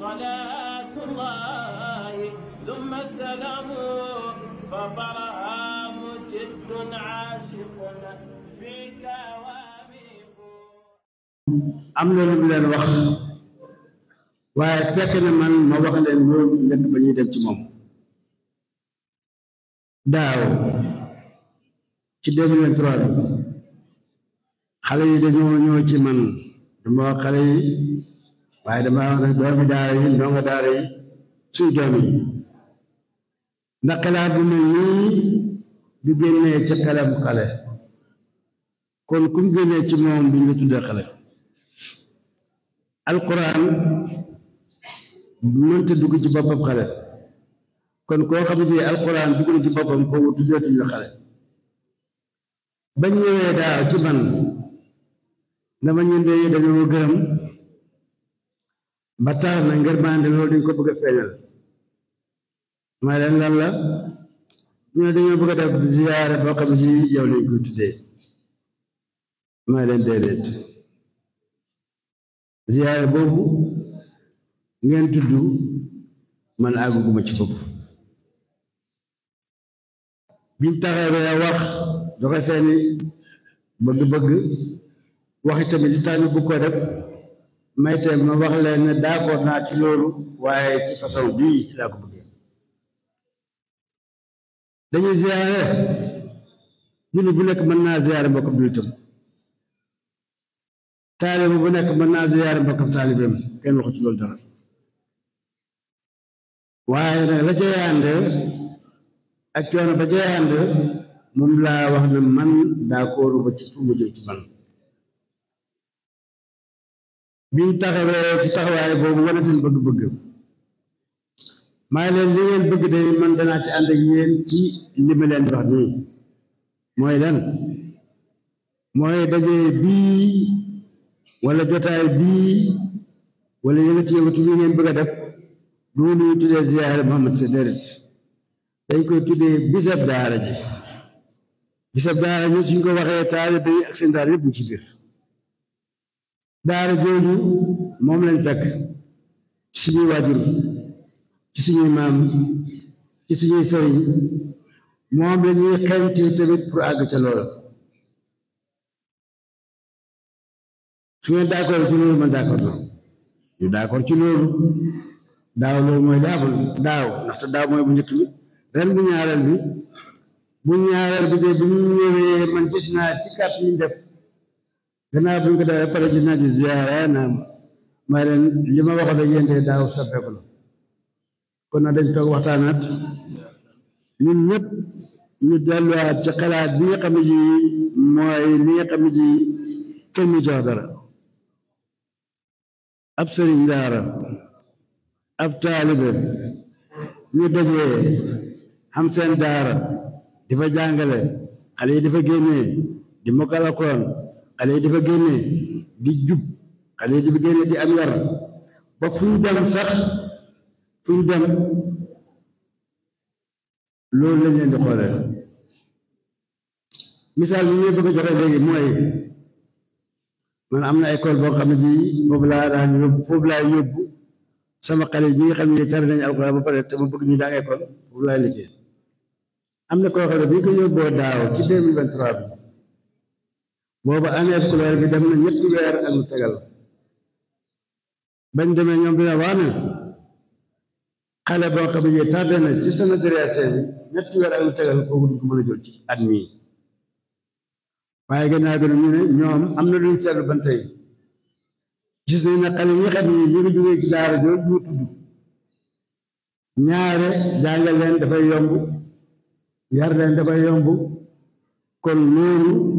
صلاة الله ثم السلام فطرها مجد عاشق فيك واميق am na lu leen wax waaye fekk na man ma wax leen loolu nekk ba ñuy dem ci moom daaw ci 2003 bi xale yi dañoo ñëw ci man dama wax xale yi waaye dama wax ne doomi daara yi ndongo daara yi suñu doom yi ndax xalaat bu mel nii du génnee ca xelam kon kum génnee ci moom bi nga tuddee xale dugg ci boppam xale kon koo xam ne alquran dugg na ci boppam kooku tuddeetuñ la xale bañ ñëwee daaw ci man dama ñëndee dañoo gërëm ba tax na ngir bànde loolu duñ ko bëgg a feeñal ma leen lan la ñu ne dañoo bëgg a def ziyaare boo xam si yow lañ koy tuddee ma leen déedéet ziyaare boobu ngeen tudd man àgguma ci foofu biñ taxawee wax joxe seeni bëgg-bëgg waxi tamit li tax ñu bëgg ko may tey ma wax leen ne naa ci loolu waaye ci façon bii laa ko bëggee dañuy ziare jullit bu nekk mën naa ziare mbokkam jullitam taalibe bu nekk mën naa ziare mbokkam taalibeem kenn waxu ci loolu dara waaye nag la cay coono ba cay ànd moom laa wax ne man d'accord ba ci pour mu jëm ci man biñ taxawee ci taxawaay boobu wane seen bëgg-bëgg maa ngi leen li ngeen bëgg de man danaa ci ànd ak yéen ci li ma leen wax nii mooy lan mooy daje bii wala jotaay bii wala yëngati yëngatu bi ngeen bëgg a def du lu tuddee ziyaare Muhammad sa déedéet dañ koy tuddee bisab daara ji bisab daara ji suñ ko waxee taalibe yi ak seen daara yëpp ci biir daara jooju moom lañ fekk ci suñuy waajur ci suñuy maam ci suñuy sëriñ moom la ñuy xeñti tamit pour àgg ca loola su ngeen d'accord ci loolu ma d'accord na ñu d'accord ci loolu daaw loolu mooy daaw daaw ndaxte daaw mooy bu njëkk bi ren bu ñaareel bi bu ñaareel bi de bu ñu ñëwee man gis naa ci kàtt yi def gannaaw bu ñu ko defee ba ziyaara naam may li ma waxoon ak yéen tey daaw soppeeku kon nag dañ toog waxtaanaat ñun ñëpp ñu delluwaat ci xalaat bi nga xam ne ji mooy li nga xam ne ji dara ab sëriñ daara ab taalibe ñu dajee xam seen daara difa fa jàngale xale yi di fa génnee di mokkal Alxuraan xale yi dafa génnee di jub xale yi dafa génnee di am yar ba fu ñu dem sax fu ñu dem loolu lañ leen di xoolee misaal bi ñu bëgg a joxe léegi mooy man am na école boo xam ne ci foofu laa daan yóbbu foofu laa yóbbu sama xale yi nga xam ne tar nañu alxuraan ba pare te ma bëgg ñu daan école foofu laa liggéey am na koo xam bi ñu yóbboo daaw ci 2023 bi boobu année scolaire bi dem na ñetti weer ak lu tegal bañ demee ñoom dina wax ne xale boo xam ne na ci jot ci at mii waaye gannaaw bi ñu ne ñoom am na luñ seetlu ban tey yi xam ci daara jooju ñu tudd ñaare jàngal leen dafay yomb yar leen dafay yomb kon loolu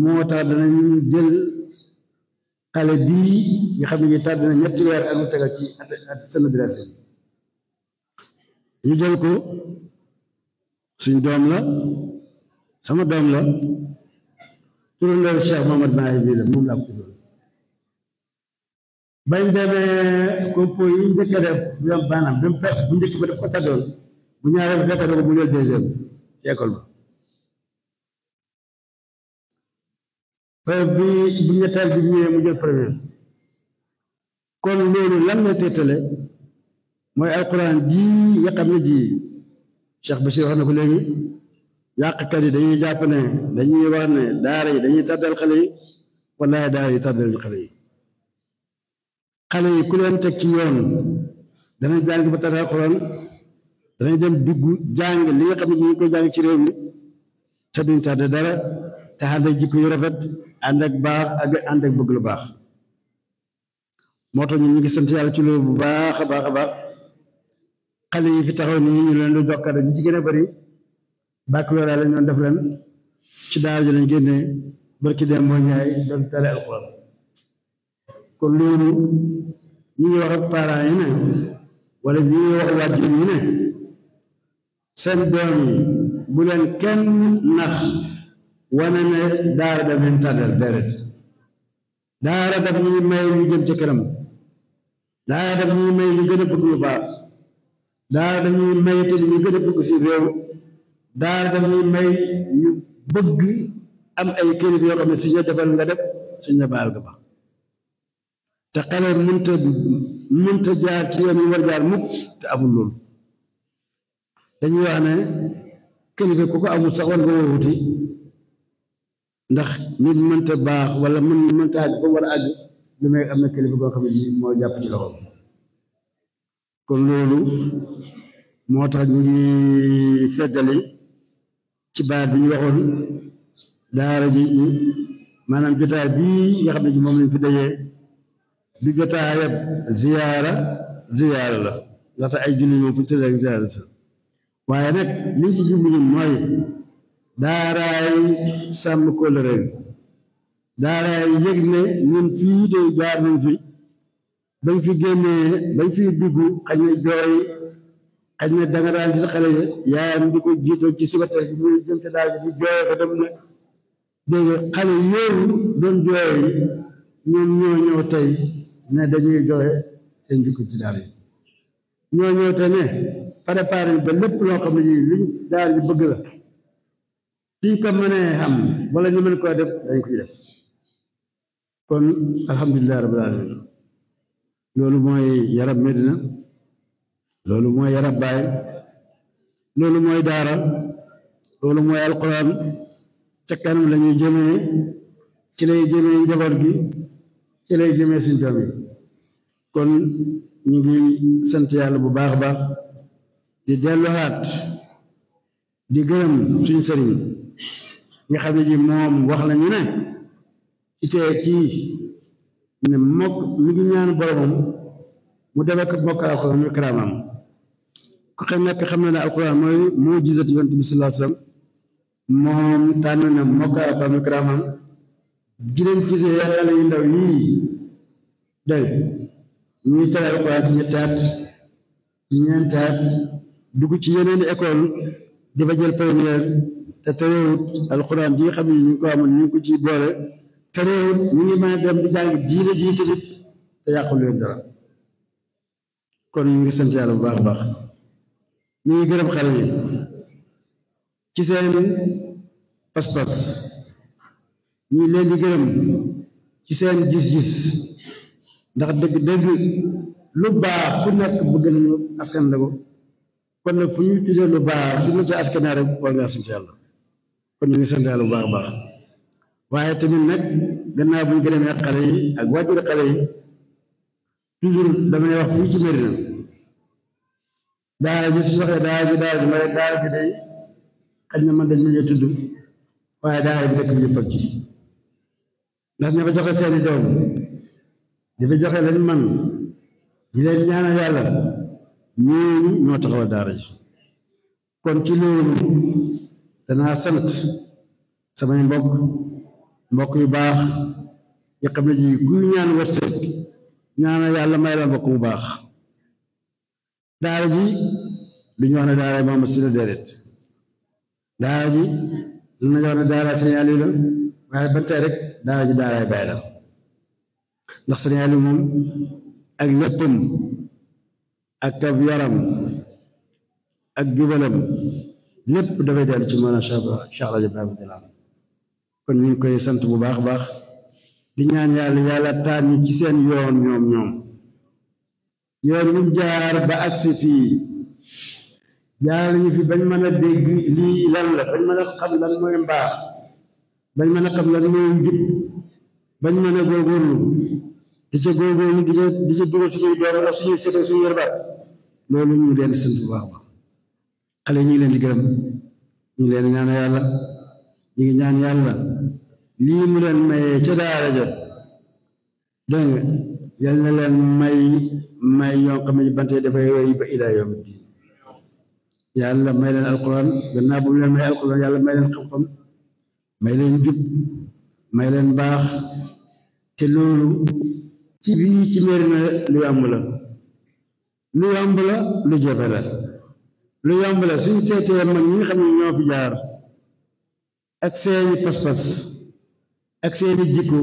moo tax danañu jël xale bii nga xam ne ñu tàdd na ñetti weer ak lu tegal ci at seen adresse ñu jël ko suñ doom la sama doom la turandoo Cheikh Mahamad Mahi bii la moom la am tuddoon bañ demee compo yi njëkk a def bu am baanaam bu njëkk ba def ko tàddoon bu ñaareel fekk na ko bu ñëw deuxième ci école ba bi bu ñetteel bi ñëwee mu jël premier kon loolu lan la téetale mooy alquran ji nga xam ne ji Cheikh Bachir wax na ko léegi yàqkat yi dañuy jàpp ne dañuy wax ne daara yi dañuy tardal xale yi wallahi daara yi tardal xale yi xale yi ku leen teg ci yoon danañ jàng ba tardal alquran danañ dem dugg jàng li nga xam ne ñu ngi ko jàng ci réew mi te duñ tardé dara te ànd ak jikko yu rafet ànd ak baax ak ànd ak bëgg lu baax moo tax ñun ñu ngi sant ci loolu bu baax a baax a baax xale yi fi taxaw nii ñu leen di jokkale ñu ci gën a bëri baccalauréat lañ doon def leen ci daara ji lañ génnee barki dem mooy ñaay doon tale alxuraan kon loolu ñu ngi wax ak yi ne wala ñu ngi wax waajur yi ne seen doom yi bu leen kenn nax wone ne daara daf leen tàddal déedéet daara daf ñuy may ñu jëm ca kanam daara daf ñuy may daara daf ñuy may ñu gën a bëgg si réew daara daf ñuy may ñu bëgg am ay kilifa yoo xam ne suñu defal nga def suñu la baal nga ba te xale jaar ci yoon yi war jaar mukk te amul loolu dañuy wax ne kilifa ku amul sax war nga wóoruti ndax nit mënta baax wala mën mënta àgg ko war a àgg lu may am na kilifa goo xam ne moo jàpp ci kon loolu moo tax ñu ngi feddali ci baat bi ñu waxoon daara ji maanaam jotaay bii nga xam ne ji moom lañ fi dajee bi jotaayab ziyaara ziyaara la ndaxte ay julli moom fu ñu ak ziyaara sa waaye nag liñ ci jublu ñun mooy daaraay sàmm kóllëre daaraay yëg ne ñun fii de jaar nañ fi bañ fi génnee bañ fi duggu xaj na jooy xaj na danga daan gis xale yaayam di ko jiital ci suba tey bi ci daal bi jooy ko dem na dégg nga xale yooyu doon jooy ñoom ñoo ñëw tey ne dañuy jooy seen dugg ci daal yi ñoo ñëw tey ne préparé ba lépp loo xam ne daal yi bëgg la suñ ko mënee am wala ñu mën koo def dañ ko def kon alhamdulilah rabbil alamin loolu mooy yarab medina loolu mooy yarab baay loolu mooy daara loolu mooy alquran ca kanam la ñuy jëmee ci lay jëmee njaboot gi ci lay jëmee suñ yi kon ñu ngi sant yàlla bu baax a baax di delluwaat di gërëm suñ sëriñ nga xam ne ji moom wax nañu ne ci tey kii ne mokk mi ngi ñaan boromam mu dem ak mokk alquran muy karaamam ku xam na ne na mokk alquran muy karaamam dinañ gisee yàlla yu ndaw yii day ñuy tere alquran ci ñettaat ñeentaat dugg ci yeneen école dafa première te terewut alxuraan ji xam ne ñu ngi ko amoon ñu ngi ko ci boole terewut ñu ngi mën a dem di jàng ji tamit te yàqul leen dara kon ñu ngi sant bu baax a baax ñu ngi gërëm xale yi ci seen pas-pas seen gis-gis ndax dëgg-dëgg lu baax ku nekk bëgg nañu askan la kon nag bu ñu tuddee lu baax su ñu ca askan rek war ngaa sant la kon ñu ngi sant bu baax baax waaye tamit nag gannaaw bu ñu xale yi ak waajuri xale yi toujours damay wax fii ci Medina daara ji su waxee daara ji daara ji ma daara ji day xaj na man dañ ñu tudd waaye daara bi ndax ña fa joxe seeni doom di fa joxe lañ man di leen ñaanal yàlla ñooñu ñoo taxawal daara ji kon ci loolu danaa sant samay mbokk mbokk yu baax yi xam ji kuy ñaan wërsëg ñaana yàlla may la mbokk bu baax daara ji wax ne daara maamu si la déedéet daara ji lu ñu wax ne daara sëñ waaye ba tey rek daara ji a bay la ndax sëñ moom ak léppam ak ab yaram ak jubalam lépp dafay dellu ci maanaam Cheikh Alaaji Ibrahima Niass kon ñu koy sant bu baax a baax di ñaan yàlla yàlla taal ñu ci seen yoon ñoom ñoom yoon ñu jaar ba agsi fii jaar ñu fi bañ mën a dégg lii lan la bañ mën a xam lan mooy mbaax bañ mën a xam lan mooy njub bañ mën a góorgóorlu di ca góorgóorlu di ca di ca dugal suñuy doom ak suñuy sëte suñu yarbaat loolu ñu leen sant bu baax baax xale ñu ngi leen di gërëm leen di yàlla ñu ngi ñaan yàlla lii mu leen mayee ca daara ja dégg nga leen may may yoo xam ne bante dafay wéy diin yàlla may leen alquran gannaaw leen may alquran yàlla may leen xam may leen jub may leen baax te loolu ci bii ci Médina lu yomb lu yomb lu jafe la lu yomb la suñ seetee mag ñi xam ne ñoo fi jaar ak seeni pas-pas ak seeni jikko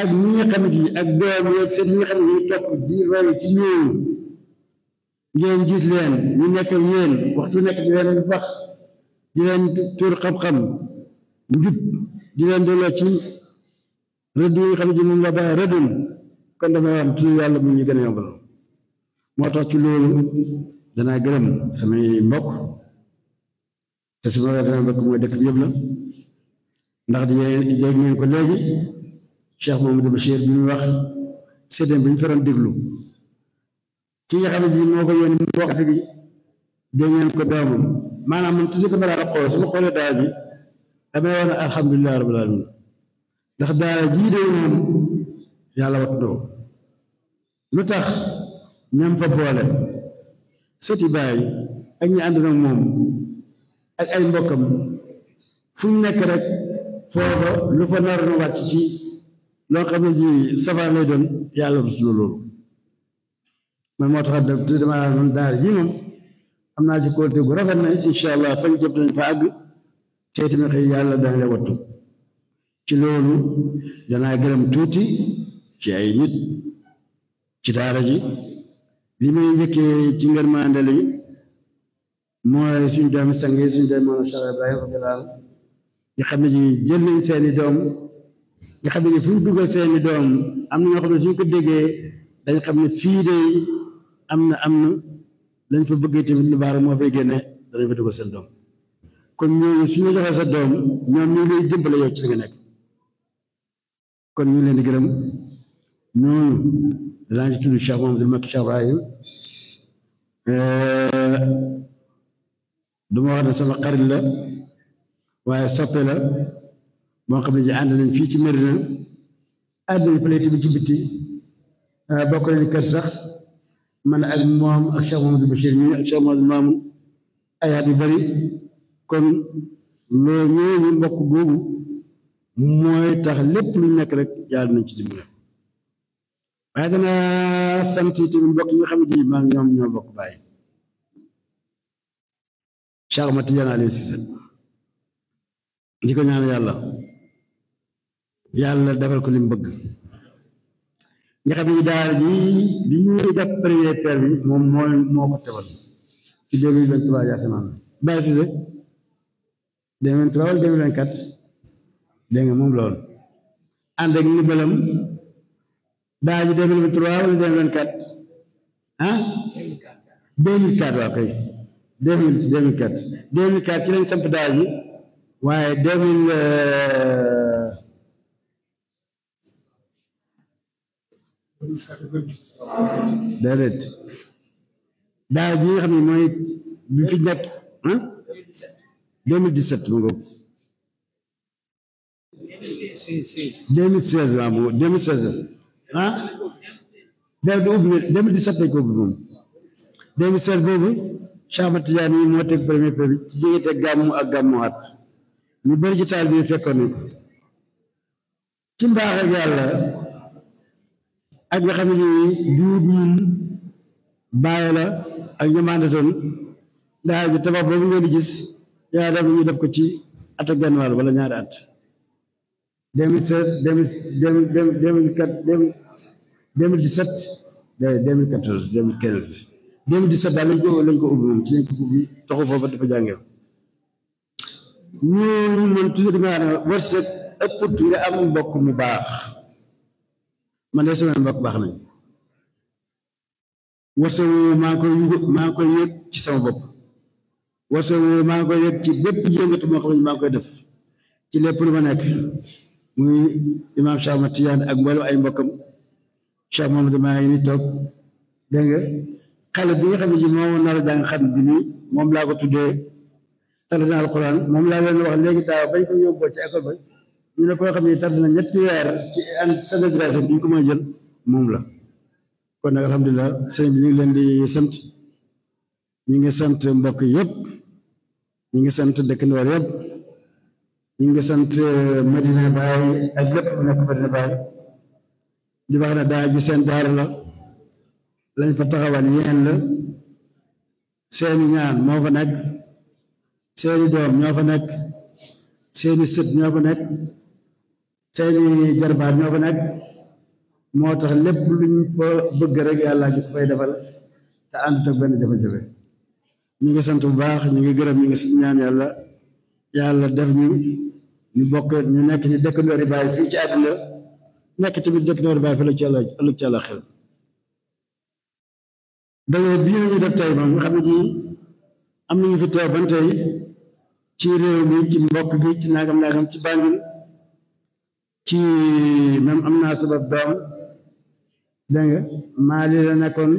ak ñi nga xam ak doom yi ak seen ñi nga topp di roy ci ñooñu ngeen gis leen ñu nekk ak yéen waxtu nekk di leen wax di leen tuur xam-xam njub di leen delloo ci rëdd yi nga xam ne ji moom la baax kon dama am ci yàlla mu ñu gën a yombal moo tax ci loolu danaa gërëm samay mbokk te su ma sama mbokk mooy dëkk bi yëpp la ndax di dégg ngeen ko léegi Cheikh Mamadou Bachir bi ñu wax séddéem bi ñu faral déglu ki nga xam ne bii moo ko yónni mu wax bi dégg ngeen ko doomam maanaam man toujours dama daan xool su xoolee daara ji damay wax ne alhamdulilah rabbil alamin ndax daara jii de yàlla wattu lu tax ñam fa boole sëti baay ak ñi ànd nag moom ak ay mbokkam fu ñu nekk rek foofa lu fa naroon wàcc ci xam ne ji safar lay yàlla rus na loolu man moo tax te dama laa noon moom am naa ci kóolute gu rafet na incha allah fañ jot nañ fa àgg te tamit xëy yàlla dana la wattu ci loolu danaa gërëm tuuti ci ay nit ci daara ji li may njëkkee ci ngërmande li mooy suñu doomi sang yi suñu doomi moom xam ne jël nañ seeni doom nga xam ne fu ñu seeni doom am na ñoo xam ne suñ ko déggee dañ xam ne fii de am na am na lañ fa bëggee tamit lu baax moo fay génne danañ fa dugal seen doom kon ñooñu suñu joxee sa doom ñoom ñu ci li nekk kon ñu leen di gërëm ñooñu laa ngi tudd Cheikh Mamadou Makki du ma wax ne sama xarit la waaye soppe la moo xam ne ji fii ci Medina ci bitti bokk nañ man ak moom ak Cheikh Mamadou Bachir mi yu bari kon loolu ñooñu mbokk googu mooy tax lépp lu nekk rek yàlla nañ ci dimbale waaye dana sant tamit mbokk yi nga xam ne ji maa ñoom ñoo bokk bàyyi Cheikh Ahmad Tidiane Aliou Cissé di ñaan yàlla yàlla defal ko li mu bëgg nga xam ne daal ji bi ñuy def premier pierre moom mooy moo ko tewal ci vingt trois yaakaar naa Baye Cissé deux trois wala deux vingt quatre dégg nga moom loolu ànd ak ni balam daa ji 2023 wala 2024 ah 2004 waaw kay 2004 2004 ci lañ samp daal ji waaye 2000 euh, déedéet daal ji nga xam ne mooy bi mu ngoog ah daaw di ubbi 2017 lañ ko ubbi moom 2017 boobu Cheikh Ahmad yi moo teg premier prix bi ci diggante gàmmu ak gàmmuwaat ñu bëri ci taal bi fekk nañ ko ci mbaax ak yàlla ak nga xam ne duut ñun bàyyi la ak ñamaandatoon daa ji tabax boobu ngeen di gis yaa def ñu def ko ci at ak genn wàll wala ñaari at 2016 2017 2014 2015 2017 daal lañ ko lañ ko ubbi moom ci lañ ko ubbi taxu foofa dafa jàngee ñuuru man toujours di nga xam ne wërsëg ëpput am mbokk mu baax man de sama mbokk baax nañ wërsëg woowu maa ngi koy maa ngi koy yëg ci sama bopp wërsëg woowu maa ngi koy yëg ci bépp yëngatu moo xam maa koy def ci lépp lu ma nekk muy imaam Cheikh Ahmad Tidiane ak mboolem ay mbokkam Cheikh Mamadou maa ngi nii toog dégg nga xale bi nga xam ne ji moom nar bi moom laa ko tuddee tardé na alquran moom laa leen wax léegi daaw bañ ko yóbboo ci école ba ñu ne koo na ñetti weer ci an sa dégradation ko mën jël moom la kon nag alhamdulilah bi ñu ngi leen di sant ñu ngi sant mbokk yëpp ñu ngi sant dëkkandoor yëpp ñu ngi sant euh, Medina Baye ak lépp ku nekk Medina Baye di wax ne seen daara la lañ fa taxawal yéen la seeni ñaan moo fa nekk seeni doom ñoo fa nekk seeni sët ñoo fa nekk seeni jarbaat ñoo fa nekk moo tax lépp luñ ko bëgg rek yàlla ngi fay defal te ant ak benn jafe-jafe ñu ngi sant bu baax ñu ngi gërëm ñu ngi ñaan yàlla yàlla def ñu ñu bokk ñu nekk ñu dëkkandoo ci àddina nekk tamit dëkkandoo ribaay fële ci àll ëllëg ci àll xel dayoo bii la xam ne nii fi naa sabab doom la nekkoon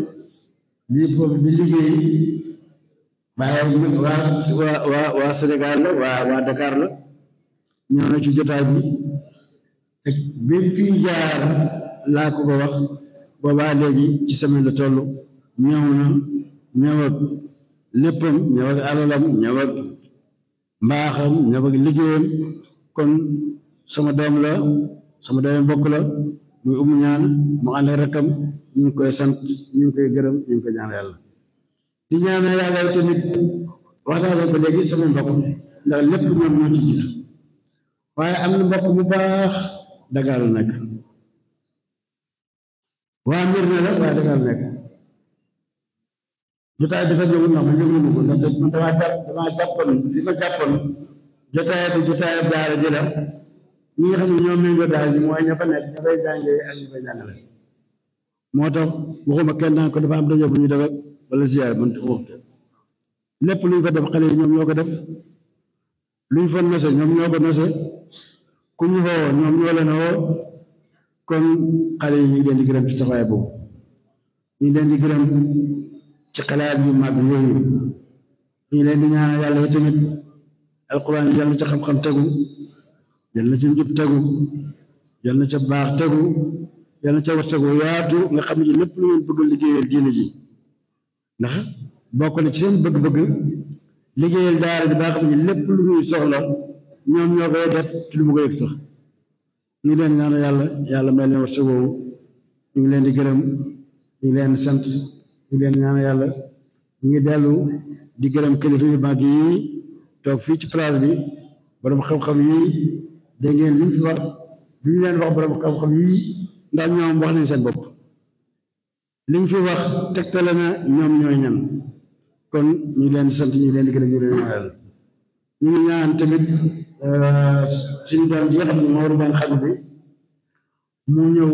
lii foofu di liggéey la. ñëw na ci jotaay bi ak laa ko ko wax boobaa léegi ci semaine la toll ñëw na ñëw ak léppam ñëw alalam ñëw mbaaxam ñëw liggéeyam kon sama doom la sama doomi mbokk la muy umu ñaan mu ànd ak ñu ngi koy sant ñu ngi koy gërëm ñu ngi koy ñaan yàlla di ñaan yàlla tamit wax naa ko léegi sama mbokk ndax lépp ñoom ñoo ci jiitu waaye am na mbokk bu baax dagaalu nekk waa mbir na la waaye dagaalu nekk jotaay bi sax jógul na la xam ñoo moo tax waxuma kenn naan ko dafa am daje bu ñu def lépp lu ñu fa def xale yi ñoom ñoo ko def lu ñu fa nose ñoom ñoo ko ku ñu woo ñoom ñoo woo kon xale yi ñu ngi di gërëm ci taxawaay boobu ñu ngi leen di gërëm ci xalaat yu mag yooyu ñu leen di ñaan yàlla tamit alquran yal na ca xam-xam tegu yal na ca njub tegu yal na ca baax tegu yal na ca war tegu yaatu nga xam ne lépp lu ngeen bëgg liggéeyal diine ji ndax bokk na ci seen bëgg-bëgg liggéeyal daara ji ba xam ne lépp lu ñuy soxla ñoom ñoo koy def te du ma ko sax ñu ngi leen ñaanal yàlla yàlla may leen wërsëg woowu ñu ngi leen di gërëm ñu leen sant ñu leen ñaanal yàlla ñu ngi dellu di gërëm kilifa yu mag yi toog fii ci place bi borom xam yi dégg ngeen li ñu fi wax li ñu xam-xam yi ndax ñoom wax nañ seen bopp li fi wax tegtale na ñoom ñooy ñan kon ñu leen sant ñu leen di gërëm ñu leen ñaan tamit. Euh, suñu doom bi nga xam ne mu ñëw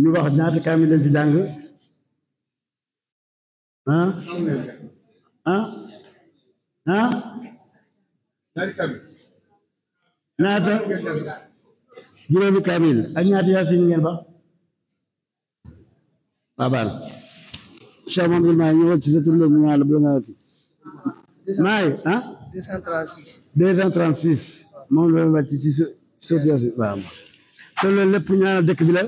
ñu wax ñaata kaamil lañ fi jàng ah ah ah ñaata juróomi kaamil ak ñaata yaasin ngeen ba baabal Cheikh Mamadou maa ñëwal ci sa tur la mu maa ngi ah. 236. 236 moom la ma ci ci si waaw te loolu lépp ñaanal dëkk bi la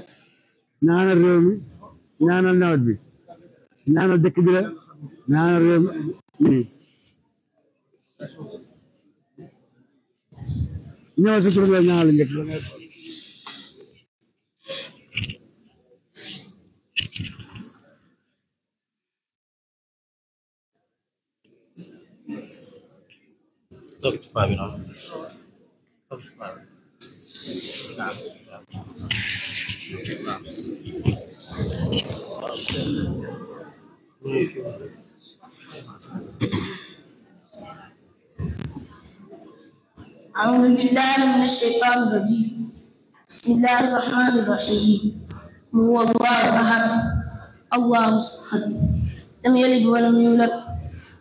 ñaanal mi ñaanal nawet bi ñaanal dëkk bi la ñaanal mi. ñëw si tur la ñaanal topp ci paa bi noonu topp ci paa bi أعوذ بالله من الشيطان الرجيم بسم الله الرحمن الرحيم هو الله أحد الله الصمد لم يلد ولم يولد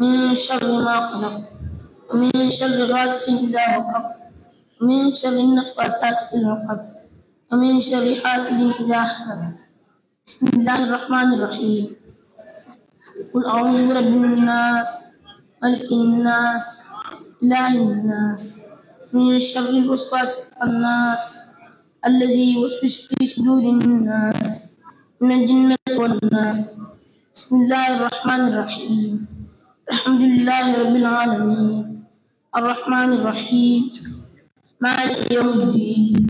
من شر ما خلق ومن شر غاسق إذا وقب ومن شر النفاثات في العقد ومن شر حاسد إذا حسد بسم الله الرحمن الرحيم قل أعوذ برب الناس ملك الناس إله الناس من شر الوسواس الناس الذي يوسوس في صدور الناس من الجنة والناس بسم الله الرحمن الرحيم الحمد لله رب العالمين الرحمن الرحيم مالك يوم الدين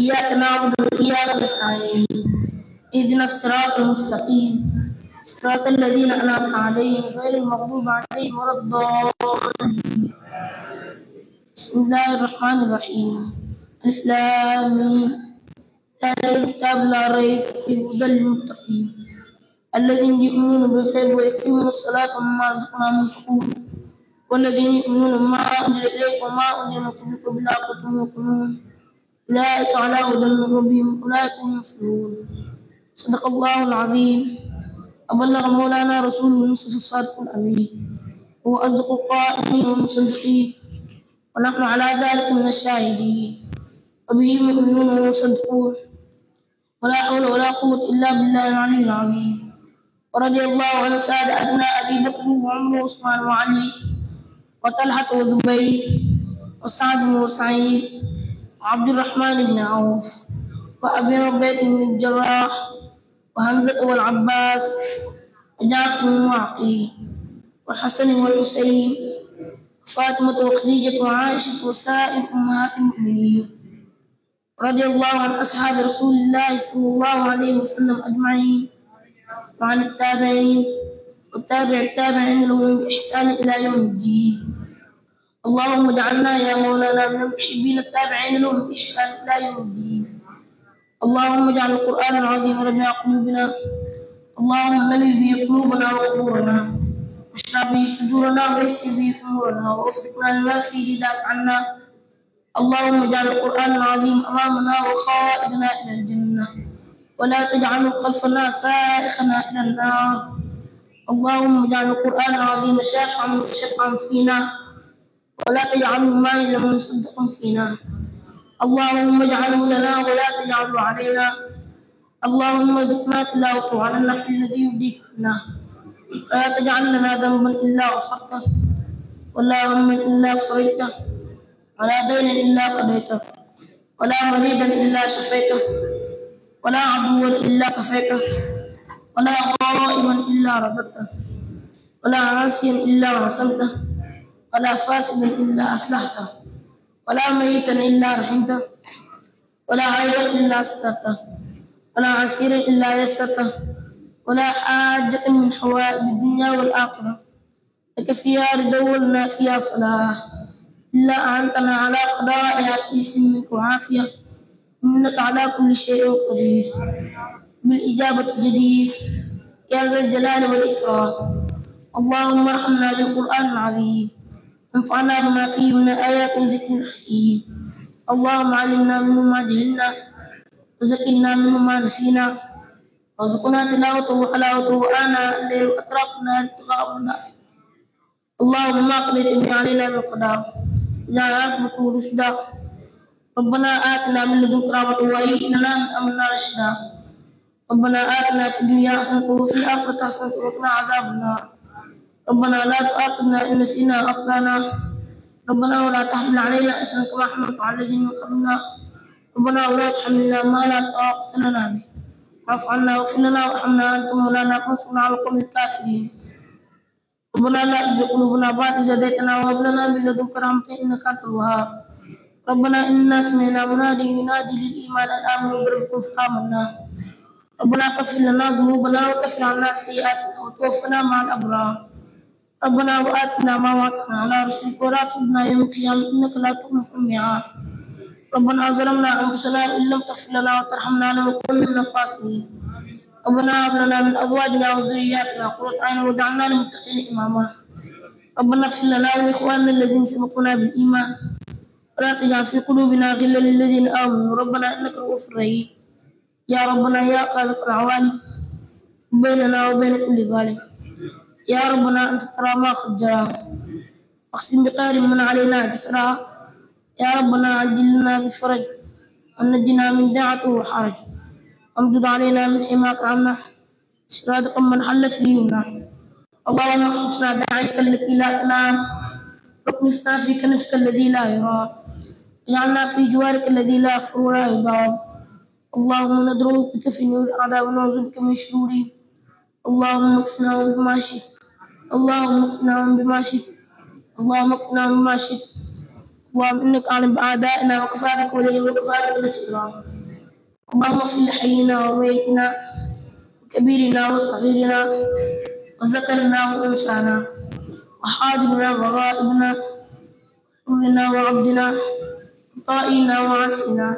إياك نعبد وإياك نستعين اهدنا الصراط المستقيم صراط الذين أنعمت عليهم غير المغضوب عليهم ولا الضالين بسم الله الرحمن الرحيم الإسلام ذلك الكتاب لا ريب فيه هدى للمتقين الذين يؤمنون بالغيب ويقيمون الصلاة ومما رزقناهم ينفقون والذين يؤمنون بما أنزل إليك وما أنزل من قبلك بالحق وهم يوقنون أولئك على هدى من ربهم أولئك هم المفلحون صدق الله العظيم وبلغ مولانا رسوله المصطفى الصادق الأمين هو أصدق القائمين والمصدقين ونحن على ذلك من الشاهدين وبه مؤمنون ومصدقون ولا حول ولا قوة إلا بالله العلي العظيم ورضي الله عن سادتنا أبي بكر وعمر وعثمان وعلي وطلحة وزبير وسعد وسعيد وعبد الرحمن بن عوف وأبي ربيع بن الجراح وحمزة والعباس وجعفر المعقي والحسن والحسين وفاطمة وخديجة وعائشة وسائر أمهات المؤمنين رضي الله عن أصحاب رسول الله صلى الله عليه وسلم أجمعين وعن التابعين والتابع التابعين لهم بإحسان إلى يوم الدين اللهم اجعلنا يا مولانا من المحبين التابعين لهم بإحسان إلى يوم الدين اللهم اجعل القرآن العظيم ربيع قلوبنا اللهم نبل به قلوبنا وقبورنا واشرح به صدورنا ويسر به أمورنا ووفقنا لما فيه رضاك عنا اللهم اجعل القرآن العظيم أمامنا وقائدنا إلى ولا تجعل خلفنا سائخنا إلى النار اللهم اجعل القرآن العظيم شافعا شفعا فينا ولا تجعله مائلا مصدقا فينا اللهم اجعله لنا ولا تجعله علينا اللهم ذكرنا تلاوته على النحو الذي يبديك عنا ولا تجعل لنا ذنبا إلا غفرته ولا هما إلا فرجته ولا دينا إلا قضيته ولا مريدا إلا شفيته ولا عدوا إلا كفيته ولا قائما إلا رددته ولا عاصيا إلا عصمته ولا فاسدا إلا أصلحته ولا ميتا إلا رحمته ولا عيبا إلا سترته ولا عسيرا إلا يسرته ولا حاجة من حوائج الدنيا والآخرة لك فيها رضا ما فيها صلاح إلا أعنتنا على قضائها في سلمك وعافية إنك على كل شيء قدير بالإجابة جدير يا ذا الجلال والإكرام اللهم ارحمنا بالقرآن العظيم وانفعنا بما فيه من آيات وذكر الحكيم اللهم علمنا منه ما جهلنا وذكرنا منه ما نسينا وارزقنا تلاوته وحلاوته آناء الليل وأطراف النهار ابتغاء مرضاته اللهم ما قضيت به علينا من قضاء لا عاقبة رشدا ربنا آتنا من لدنك رحمة وإننا أمنا رشدا ربنا آتنا في الدنيا حسنة وفي الآخرة حسنة وقنا عذاب النار ربنا لا تؤاخذنا إن نسينا أخطأنا ربنا ولا تحمل علينا إسرا كما حملت على الذين من قبلنا ربنا ولا تحملنا ما لا طاقة لنا به واعف عنا واغفر لنا وارحمنا أنت مولانا فانصرنا على القوم الكافرين ربنا لا تزغ قلوبنا بعد إذ هديتنا وهب لنا من لدنك رحمة إنك أنت الوهاب ربنا إننا سمعنا منادي ينادي للإيمان أن آمنوا بربكم فآمنا ربنا فاغفر لنا ذنوبنا وكفر عنا سيئاتنا وتوفنا مع الأبرار ربنا وآتنا ما وعدتنا على رسلك ولا تبنا يوم القيامة إنك لا تخلف الميعاد ربنا ظلمنا أنفسنا إن لم تغفر لنا وترحمنا لنكن من الخاسرين ربنا هب لنا من أزواجنا وذرياتنا قرة أعين واجعلنا للمتقين إماما ربنا اغفر لنا ولإخواننا الذين سبقونا بالإيمان ولا تجعل في قلوبنا غلا للذين آمنوا ربنا إنك رؤوف رحيم يا ربنا يا خالق العوالم بيننا وبين كل ظالم يا ربنا أنت ترى ما قد جرى فاقسم بقدر من علينا جسرا يا ربنا عجل لنا بفرج ونجنا من دعته وحرج وامدد علينا من حماك عنا صراطك من حل في اليمنى اللهم احفظنا بعينك التي لا تنام واكنفنا في كنفك الذي لا يرى جعلنا في جوارك الذي لا يغفرون بعض اللهم ندعوك بك في نور الأعداء ونعوذ بك من شرورهم اللهم اكفناهم بما شئت اللهم اكفناهم بما شئت اللهم اكفناهم بما شئت اللهم إنك أعلم بأعدائنا وكفى بك ولي وكفى بك نصيرا اللهم اغفر لحينا وميتنا وكبيرنا وصغيرنا وذكرنا وأنثانا وحاضرنا وغائبنا وابننا وعبدنا طائنا وعسنا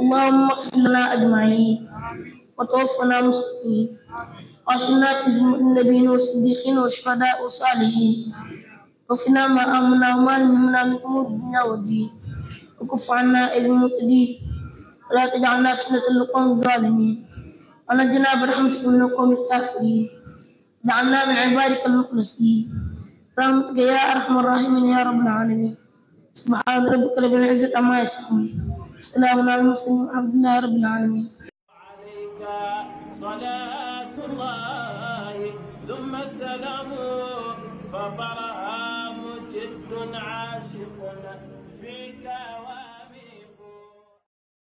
اللهم اغفر لنا أجمعين وتوفنا مسلمين وأصلنا في زمر النبيين والصديقين والشهداء والصالحين وفينا ما آمنا وما علمنا من أمور الدنيا والدين وكف عنا علم الدين ولا تجعلنا فتنة للقوم الظالمين ونجنا برحمتك من القوم الكافرين جعلنا من عبادك المخلصين برحمتك يا أرحم الراحمين يا رب العالمين subhaana rabbika rabbil izzati ammaa yasifuun salaamun alal mursaliin walhamdu lillaahi rabbil aalamiin